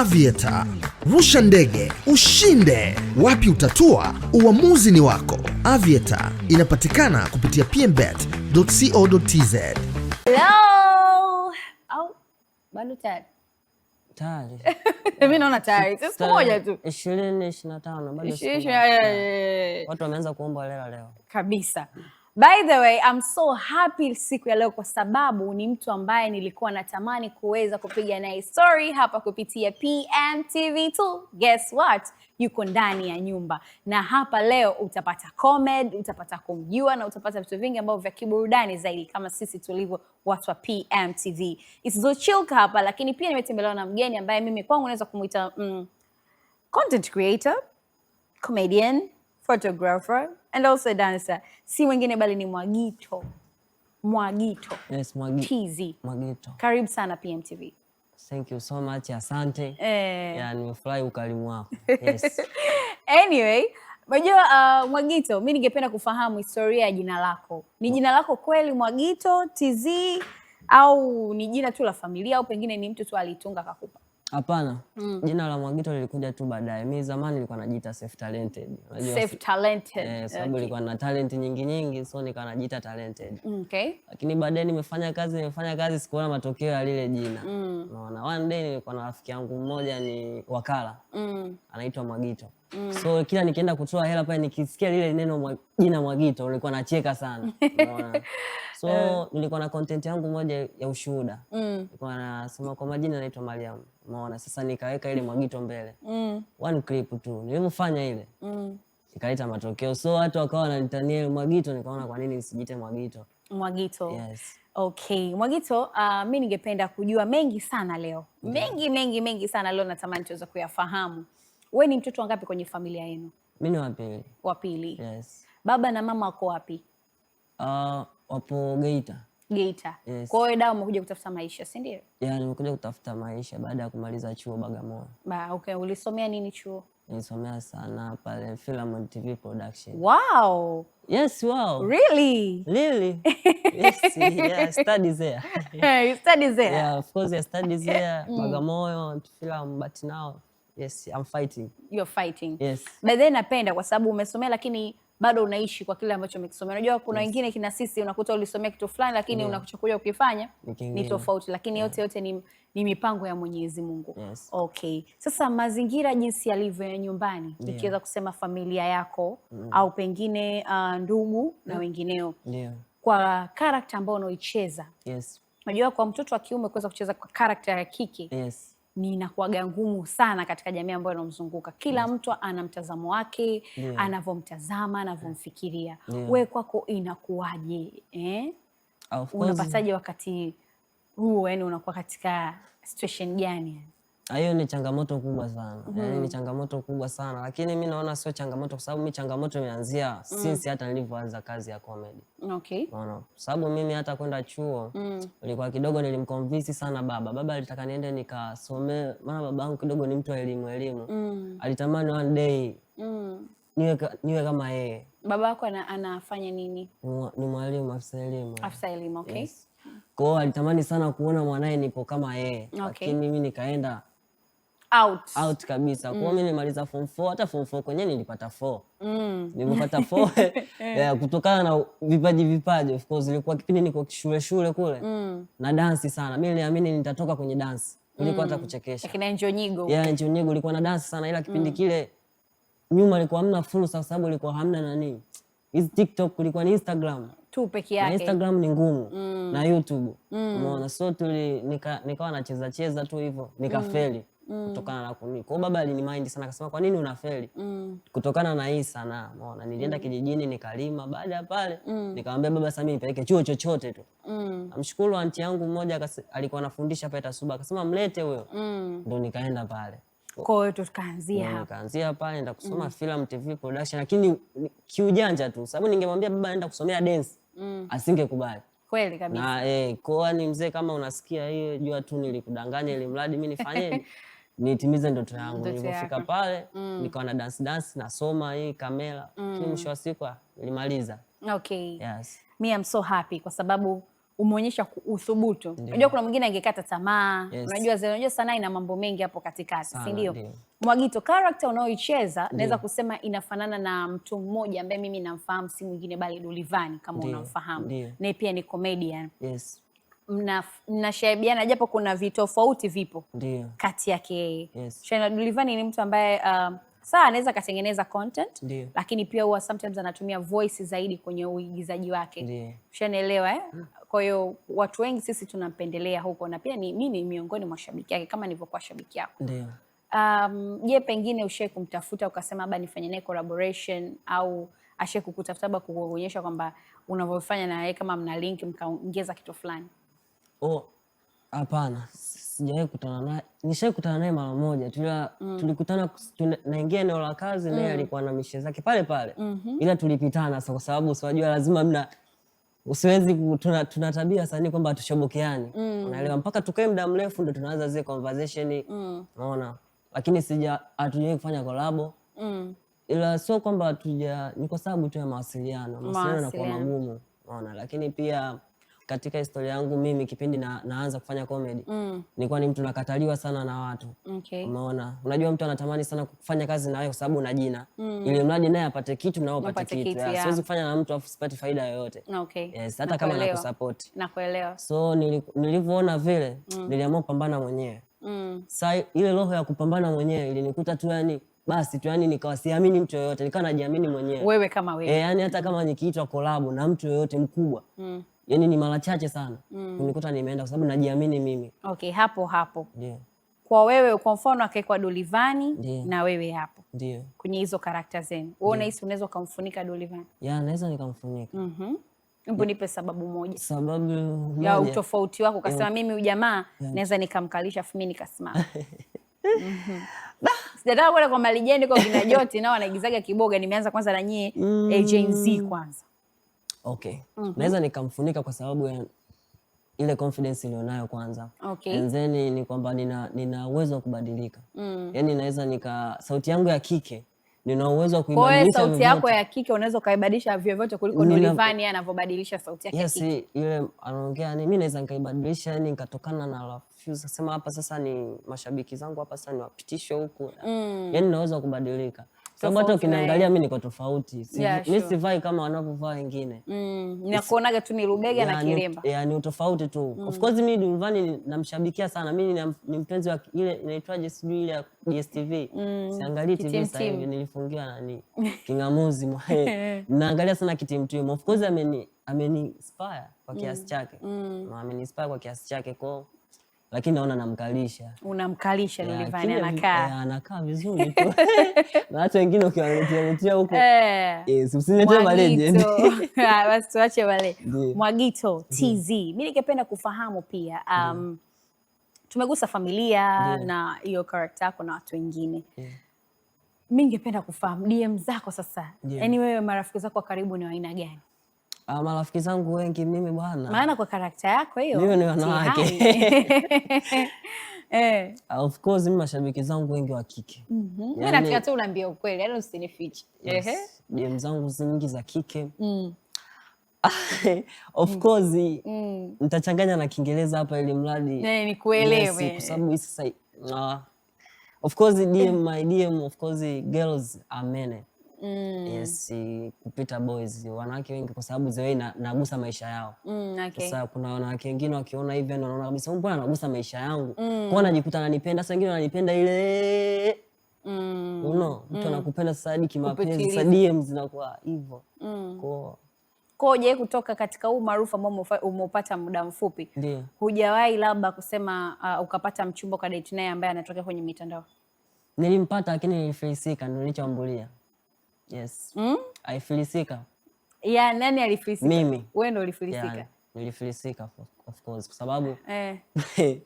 Aviator. Rusha ndege ushinde, wapi utatua? Uamuzi ni wako. Aviator inapatikana kupitia pmbet.co.tz. Hello. Au bado tayari? Tayari. Mimi naona tayari. Siku moja tu. 20 25 bado Watu wameanza kuomba leo leo. Kabisa. By the way, I'm so happy siku ya leo kwa sababu ni mtu ambaye nilikuwa natamani kuweza kupiga naye story hapa kupitia PMTV2. Guess what? Yuko ndani ya nyumba na hapa leo utapata comedy, utapata kumjua na utapata vitu vingi ambavyo vya kiburudani zaidi kama sisi tulivyo watu wa PMTV. Isizochilka hapa lakini pia nimetembelewa na mgeni ambaye mimi kwangu naweza kumuita mm, content creator, comedian, photographer and also dancer, si mwingine bali ni Mwagito. Mwagito. Yes, Mwagi... Tizi. Mwagito. Karibu sana PMTV. Thank you so much, asante. Eh. Yeah, nimefurahi ukarimu wako. Yes. Anyway, Unajua uh, Mwagito, mi ningependa kufahamu historia ya jina lako. Ni oh. jina lako kweli Mwagito TZ au ni jina tu la familia au pengine ni mtu tu alitunga kakupa? Hapana. Mm. Jina la Mwagito lilikuja tu baadaye. Mimi zamani nilikuwa najiita self talented. Unajua? Self talented. Eh, sababu nilikuwa na talent nyingi nyingi, so nikawa najiita talented. Okay. Lakini baadaye nimefanya kazi, nimefanya kazi sikuona matokeo ya lile jina. Mm. one day nilikuwa na rafiki yangu mmoja ni wakala. Mm. Anaitwa Mwagito. Mm. So kila nikienda kutoa hela pale nikisikia lile neno jina Mwagito nilikuwa nacheka sana. So eh. nilikuwa na content yangu moja ya ushuhuda. Mm. Nilikuwa nasema kwa majina naitwa Mariam. Umeona? Sasa nikaweka ile Mwagito mbele. Mm. One clip tu. Nilivyofanya ile. Mm. Ikaleta matokeo. So watu wakawa wananitania Mwagito, nikaona kwa nini nisijite Mwagito. Mwagito. Yes. Okay, Mwagito, uh, mi ningependa kujua mengi sana leo. Mm. Mengi mengi mengi sana leo natamani tuweze kuyafahamu. We ni mtoto wangapi kwenye familia yenu? Mi ni wapili. Wapili, yes. Baba na mama wako wapi? Uh, wapo Geita. Geita. Yes. Kwa hiyo dawa umekuja kutafuta maisha, si ndio? Yeah, nimekuja kutafuta maisha baada ya kumaliza chuo Bagamoyo. Ba, okay. Ulisomea nini chuo? Nilisomea sana pale Film and TV Production. Wow. Yes, wow. Really? Really? Yes, yeah, studies there. Yeah, studies there. Yeah, of course, yeah, studies there. Mm. Bagamoyo, film but now Yes, I'm fighting. You're fighting. Yes. But then way, napenda kwa sababu umesomea lakini bado unaishi kwa kile ambacho umekisomea. Unajua kuna yes. wengine Kina sisi unakuta ulisomea kitu fulani lakini yeah. Unachokuja ukifanya ni tofauti lakini yeah. Yote yote ni, ni mipango ya Mwenyezi Mungu yes. Okay. Sasa mazingira jinsi yalivyo ya nyumbani yeah. Nikiweza kusema familia yako mm. Au pengine uh, ndugu yeah. Na mm. wengineo yeah. Kwa karakta ambayo unaoicheza yes. Unajua kwa mtoto wa kiume kuweza kucheza kwa karakta ya kike yes ninakuwaga ngumu sana katika jamii ambayo inamzunguka. Kila yes. Mm. mtu ana mtazamo wake yeah. Mm. anavyomtazama, anavyomfikiria yeah. Mm. we kwako inakuwaje eh? Unapataje wakati huo, yani unakuwa katika situation gani? hiyo ni changamoto kubwa sana mm -hmm. Yaani ni mm-hmm. changamoto kubwa sana lakini mi naona sio changamoto, kwa sababu mi changamoto imeanzia mm. since hata nilivyoanza kazi ya comedy okay. Kwa sababu mimi hata kwenda chuo mm. ilikuwa kidogo nilimconvince sana baba. Baba alitaka niende nikasomee, maana baba yangu kidogo ni mtu wa elimu elimu mm. alitamani one day mm. niwe, niwe kama yeye. Baba yako anafanya nini? Ni mwalimu, afisa elimu. Afisa elimu, okay. Yes. Kwao alitamani sana kuona mwanaye nipo kama yeye okay. Lakini mimi nikaenda out out kabisa. mm. Kwa mimi nilimaliza form 4, hata form 4 kwenye nilipata 4. Mm. Nilipata 4 yeah, kutokana na vipaji vipaji. Of course ilikuwa kipindi niko shule shule kule mm. na dansi sana. Mimi niliamini nitatoka kwenye dansi kuliko mm. hata mm. kuchekesha. Lakini njonyigo Yeah, njonyigo ilikuwa na dansi sana ila kipindi mm. kile nyuma ilikuwa hamna fursa kwa sababu ilikuwa hamna nani. Hizi TikTok kulikuwa ni Instagram tu peke yake. Na Instagram ni ngumu mm. na YouTube. Mm. Unaona, so tuli nikawa nika nacheza cheza tu hivyo nikafeli. Mm mm. kutokana na kuni. Kwa baba alinimind sana akasema kwa nini unafeli? Mm. Kutokana na hii sana. Unaona, nilienda mm. kijijini nikalima baada ya pale mm. nikamwambia baba Samia nipeleke chuo chochote tu. Mm. Namshukuru aunti yangu mmoja alikuwa anafundisha pale Tasuba akasema mlete huyo. Mm. Ndio nikaenda pale. Kwa hiyo tukaanzia mm, hapo. Nikaanzia pale nenda kusoma mm. film TV production lakini kiujanja tu sababu ningemwambia baba aenda kusomea dance. Mm. Asingekubali. Kweli kabisa. Na eh, kwa ni yaani mzee, kama unasikia hiyo jua tu nilikudanganya, ili mradi mimi nifanyeni. nitimize ndoto yangu. Nilipofika pale mm. nikawa na dance dance nasoma hii kamera mm. mwisho wa siku ah, nilimaliza. Okay. Yes. Me I'm so happy kwa sababu umeonyesha uthubutu. Unajua kuna mwingine angekata tamaa. Yes. Unajua zile unajua sanaa ina mambo mengi hapo katikati, si ndio? Mwagito, character unaoicheza naweza kusema inafanana na mtu mmoja ambaye mimi namfahamu si mwingine bali Dulivani kama unamfahamu. Naye pia ni comedian. Yes mnashaibiana mna japo kuna vitofauti vipo Ndiyo. kati yake yeye yes. Shayna Dulivani ni mtu ambaye um, saa anaweza akatengeneza content Ndiyo. lakini pia huwa sometimes anatumia voice zaidi kwenye uigizaji wake, ushanielewa eh? Mm. Kwa hiyo watu wengi sisi tunampendelea huko, na pia ni, mi ni miongoni mwa shabiki yake kama nilivyokuwa shabiki yako. Um, je, pengine ushai kumtafuta ukasema labda nifanye naye collaboration au ashe kukutafuta labda kukuonyesha kwamba unavyofanya na yeye kama mna link mkaongeza kitu fulani? hapana, sijawahi kutana naye. Nishawahi kutana naye mara moja, tulia mm. tulikutana tuli, naingia eneo la kazi naye mm. alikuwa na mishe zake pale pale mm -hmm. ila tulipitana so, kwa sababu siwajua lazima mna usiwezi tuna, tuna tabia sani kwamba hatushobokeani mm. unaelewa, mpaka tukae muda mrefu ndo tunaanza zile conversation mm. unaona mm. lakini sija hatujawahi kufanya kolabo mm. ila sio kwamba hatuja, ni kwa sababu tu ya mawasiliano, mawasiliano yanakuwa magumu, unaona, lakini pia katika historia yangu mimi kipindi na, naanza kufanya comedy mm. nilikuwa ni mtu nakataliwa sana na watu okay. Umeona, unajua mtu anatamani sana kufanya kazi na wewe kwa sababu una jina mm. ili mradi naye apate kitu na wewe upate kitu, kitu yeah. Siwezi kufanya na mtu afu sipati faida yoyote okay. Yes, hata kama nakusupport nakuelewa. So nilivyoona vile mm. niliamua kupambana mwenyewe mm. Sa ile roho ya kupambana mwenyewe ilinikuta tu yani basi tu yani, nikawa siamini mtu yoyote, nikawa najiamini mwenyewe, wewe kama wewe e, eh, yani hata kama nikiitwa kolabo na mtu yoyote mkubwa mm yani ni mara chache sana mm. kunikuta nimeenda kwa sababu najiamini mimi. Okay, hapo hapo ndio Kwa wewe kwa mfano akawekwa Dolivani na wewe hapo ndio kwenye hizo karakta zenu wewe unahisi unaweza ukamfunika Dolivani? Ya, naweza nikamfunika mm -hmm. nipe sababu moja, sababu ya utofauti wako ukasema yeah. mimi ujamaa yeah. naweza nikamkalisha afu mimi nikasimama Sitataka kwenda kwa Malijani kwa kina Joti nao wanaigizaga kiboga. Nimeanza kwanza na nyie mm. eh, Gen Z kwanza okay. mm -hmm. Naweza nikamfunika kwa sababu ya ile confidence nilionayo kwanza. Okay. And then ni kwamba nina nina uwezo wa kubadilika. Mm. Yaani naweza nika sauti yangu ya kike nina uwezo wa kuibadilisha. Kwa sauti yako ya kike unaweza ukaibadilisha vyovyote kuliko ivani anavyobadilisha sauti yake yes, kike. ile anaongea ni mimi naweza nikaibadilisha yani nikatokana na la fuse sema hapa sasa ni mashabiki zangu hapa sasa wapitisho huku. Mm. Yaani naweza kubadilika sababu hata mi niko tofauti si, yeah, sure. mi sivai kama wanavyovaa wengine mm, nakuonaga tu ni rubega na kilemba yeah, ni utofauti tu mm. of course namshabikia sana mi ni mpenzi wa ile inaitwaje sijui ile ya DSTV mm. siangalii TV sahivi nilifungiwa nani kingamuzi mwae naangalia sana kitimtimu of course ameni ameni mm. Mm. kwa kiasi chake mm. ameni kwa kiasi chake kwao lakini naona namkalisha. Unamkalisha Lilivani, anakaa anakaa vizuri tu na hata wengine letea huko eh. ah, basi, tuache wale Mwagito TZ. Mi ningependa kufahamu pia um, tumegusa familia yeah, na hiyo karakta yako na watu wengine yeah. Mi ningependa kufahamu DM zako sasa, yaani yeah, wewe marafiki zako wa karibu ni wa aina gani? Ah, marafiki zangu wengi mimi bwana, maana kwa karakta yako hiyo, mimi ni wanawake eh. Ah, of course mimi mashabiki zangu wengi wa kike, Mhm. mimi nataka tu unaambia ukweli, yani usinifiche. Ehe, DM zangu zingi za kike mm. Of mm. course mm. nitachanganya na Kiingereza hapa ili mradi eh, ni nikuelewe kwa sababu hii sasa uh, of course DM, my DM, of course girls are many Mm. Yes, kupita boys wanawake wengi kwa sababu zewe nagusa maisha yao. Mm, okay. Sasa kuna wanawake wengine wakiona hivyo ndio wanaona kabisa mbona anagusa maisha yangu. Mm. Kwa anajikuta ananipenda, sasa wengine wananipenda ile mm. Uno, mtu mm. anakupenda mm. Sasa hadi kimapenzi, sasa DM zinakuwa hivyo. Mm. Kwa koje kutoka katika huu maarufu ambao umeupata muda mfupi. Hujawahi labda kusema uh, ukapata mchumba kwa date naye ambaye anatokea kwenye mitandao? Nilimpata lakini nilifilisika, ndio nilichambulia. Yes. Mm? Aifilisika. Yeah, nani alifilisika? Mimi. Wewe ndio ulifilisika. Yeah, nilifilisika of course kwa sababu eh.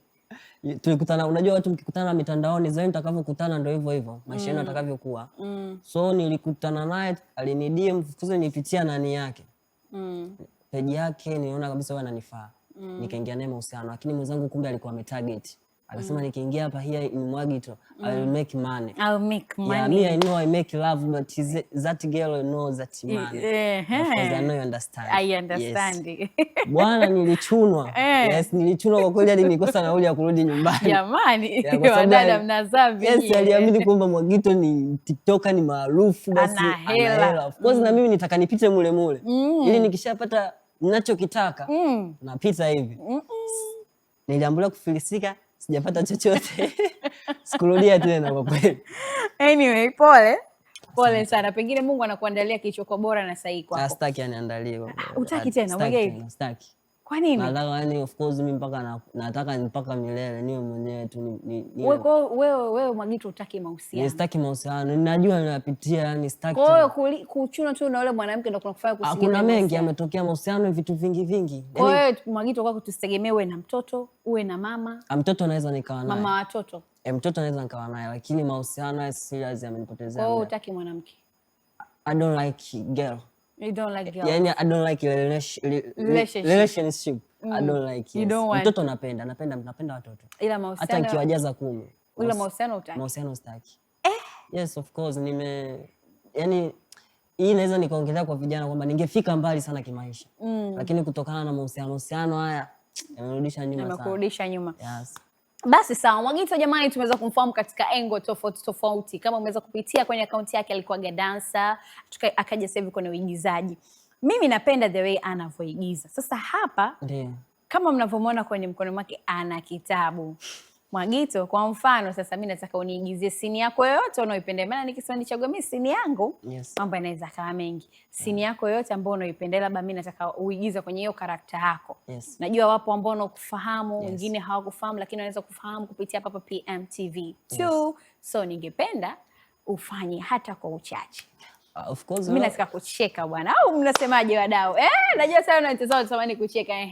Tulikutana, unajua watu mkikutana mitandaoni zaidi mtakavyokutana ndio hivyo hivyo maisha yenu atakavyokuwa. Mm. Mm. So nilikutana naye alini DM nipitia nani yake. Mm. Peji yake niliona kabisa wewe ananifaa. Mm. Nikaingia naye mahusiano lakini mwenzangu kumbe alikuwa ametarget. Anasema mm. nikiingia hapa hii ni mwagi tu. I will mm. make money. I will make money. Yeah, me I know I make love but is that girl knows that money. Because eh, I eh. know you understand. I understand. Yes. Bwana nilichunwa. Eh. Yes, nilichunwa kwa kweli hadi nilikosa nauli ya kurudi nyumbani. Jamani. Yeah, wadada mnazaa vijiji. Yes, aliamini kwamba Mwagito ni TikToker ni maarufu basi ana hela. Of course na mm. mimi nitaka nipite mule mule. Mm. Ili nikishapata ninachokitaka mm. napita hivi. Mm -mm. Niliambulia kufilisika sijapata chochote sikurudia tena kwa kweli. Anyway, pole pole sana, pengine Mungu anakuandalia kwa bora na sahihi kwako. Ah, sitaki aniandalie. Utaki tena? Staki. Kwa nini? Nataka yani, of course mimi mpaka na, nataka mpaka milele niwe mwenyewe tu. Wewe wewe Mwagito utaki mahusiano? Sitaki mahusiano, ninajua ninapitia, yani sitaki. Kwa hiyo kuchuna tu na yule mwanamke ndio kunakufanya ah, kusikia. Kuna mengi yametokea mahusiano, vitu vingi vingi. Kwa hiyo yani, Mwagito kwako tusitegemee uwe na mtoto, uwe na mama. A, ah, mtoto naweza nikawa naye. Mama watoto. Eh, mtoto naweza nikawa naye, lakini mahusiano serious yamenipotezea. Kwa hiyo utaki mwanamke? I don't like girl. You don't like girls. Yani, I don't like relationship. Relationship. Mm. I don't like yes. You don't want. Mtoto napenda, napenda, napenda watoto. Ila mahusiano. Hata nikiwajaza kumi. Ila mahusiano utaki. Mahusiano sitaki. Eh? Yes, of course, nime yani hii naweza nikaongelea kwa vijana kwamba ningefika mbali sana kimaisha. Mm. Lakini kutokana na mahusiano, mahusiano haya yamerudisha nyuma sana. Yamerudisha nyuma. Yes. Basi sawa, Mwagito jamani, tumeweza kumfahamu katika engo tofauti tofauti, kama umeweza kupitia kwenye akaunti yake, alikuwaga dansa akaja sasa hivi kwenye uigizaji. Mimi napenda the way anavyoigiza sasa hapa. Ndiyo. kama mnavyomwona kwenye mkono wake ana kitabu Mwagito, kwa mfano sasa, mimi nataka uniigizie sini yako yoyote unaoipenda, maana nikisema nichague mimi sini yangu yes, mambo yanaweza kawa mengi. Sini yako yoyote ambayo unaipenda, labda mimi nataka uigize kwenye hiyo karakta yako yes. Najua wapo ambao wanakufahamu yes, wengine hawakufahamu, lakini wanaweza kufahamu kupitia hapa PMTV 2 yes. So ningependa ufanye hata kwa uchache Uh, of course mimi uh, nataka kucheka bwana, au mnasemaje wadau? Eh, najua sana unatazama unatamani kucheka eh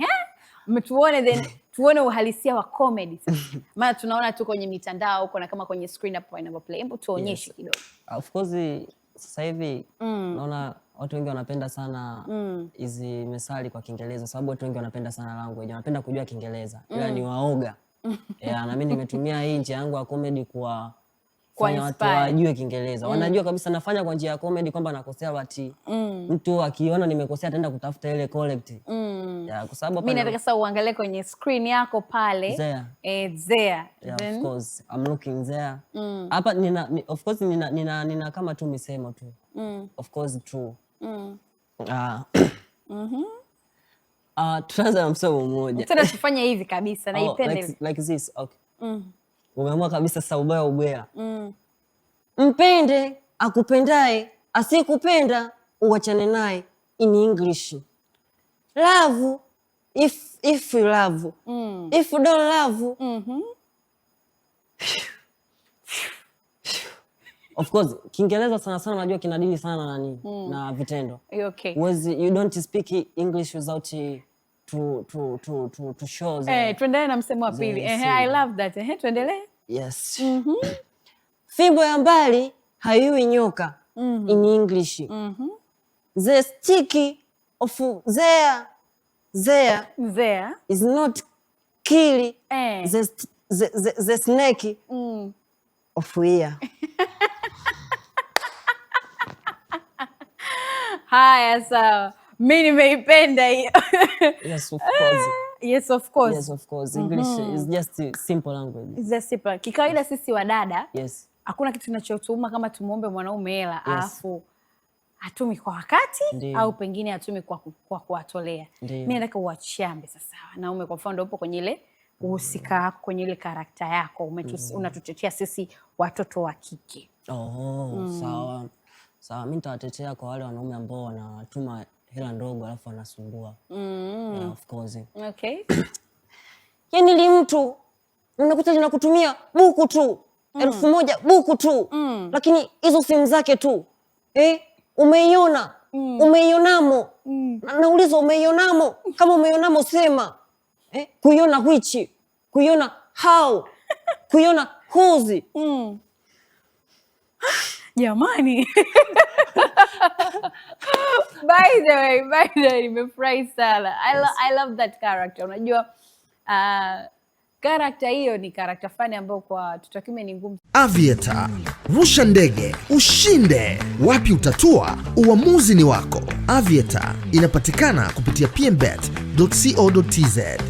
tuone then tuone uhalisia wa comedy sasa, maana tunaona tu kwenye mitandao huko na kama kwenye screen hapo inapoplay. Hebu tuonyeshe yes, kidogo. Ah, of course sasa hivi mm. naona watu wengi wanapenda sana mm. hizi mm. mesali kwa Kiingereza, sababu watu wengi wanapenda sana language, wanapenda kujua Kiingereza ila mm. ni waoga yeah, na mimi nimetumia hii njia yangu ya comedy kwa kufanya watu wajue mm. Kiingereza mm. Wanajua kabisa nafanya kwa njia ya comedy kwamba nakosea wati mm. Mtu akiona nimekosea ataenda kutafuta ile collect mm. Ya kwa sababu mimi nataka sasa uangalie kwenye screen yako pale Zea. Eh, Zea. Yeah, Then... of course I'm looking Zea mm. hapa mm. Nina, of course nina, nina, nina kama tu misemo tu mm. Of course true mm. Ah. mhm ah, tuanze na msomo mmoja. Tutaenda kufanya hivi kabisa oh, naipenda like, like this okay mm umeamua kabisa saubaya ubwela Mm. Mpende akupendaye, asikupenda uwachane naye, in English. Love if if you love. Mm. If you don't love. Mm -hmm. Of course, Kiingereza sana sana najua kinadili sana nani mm. na vitendo. Okay. you don't speak English without eh, tu, tu, tu, tu, tu show eh, eh. tuendelee na msemo wa pili. Ehe, I love that. Ehe, tuendelee. Yes. mm Fimbo ya mbali haiwi nyoka mm -hmm. in English mm the stick of there there there is not kill eh. the, the, the, the snake mm. of here Haya, sawa mi nimeipenda hiyo. Yes, ah, mm-hmm. Kikawaida sisi wadada. Yes. Hakuna kitu kinachotuuma kama tumwombe mwanaume hela yes. Alafu hatumi kwa wakati Ndiyo. au pengine hatumi kwa kwa kuwatolea. mi nataka uachambe sasa. Wanaume kwa mfano upo kwenye ile uhusika wako kwenye ile karakta yako mm. unatutetea sisi watoto wa kike. Oh, mm. sawa. Sawa, mi nitawatetea kwa wale wanaume ambao wanatuma hela ndogo, alafu anasumbua mm. yeah, of course okay. Yani li mtu unakuta linakutumia buku tu mm. elfu moja buku tu mm. lakini hizo simu zake tu eh, umeiona mm. umeionamo mm. na, nauliza umeionamo? Kama umeionamo sema eh, kuiona which kuiona how kuiona kozi mm. jamani by the way, by the way, nimefurahi sana. I, lo yes. I love that character. Unajua uh, karakta hiyo ni karakta fani ambayo kwa tutakiume ni ngumu. Avieta, rusha ndege, ushinde. Wapi utatua? Uamuzi ni wako. Avieta inapatikana kupitia pmbet.co.tz.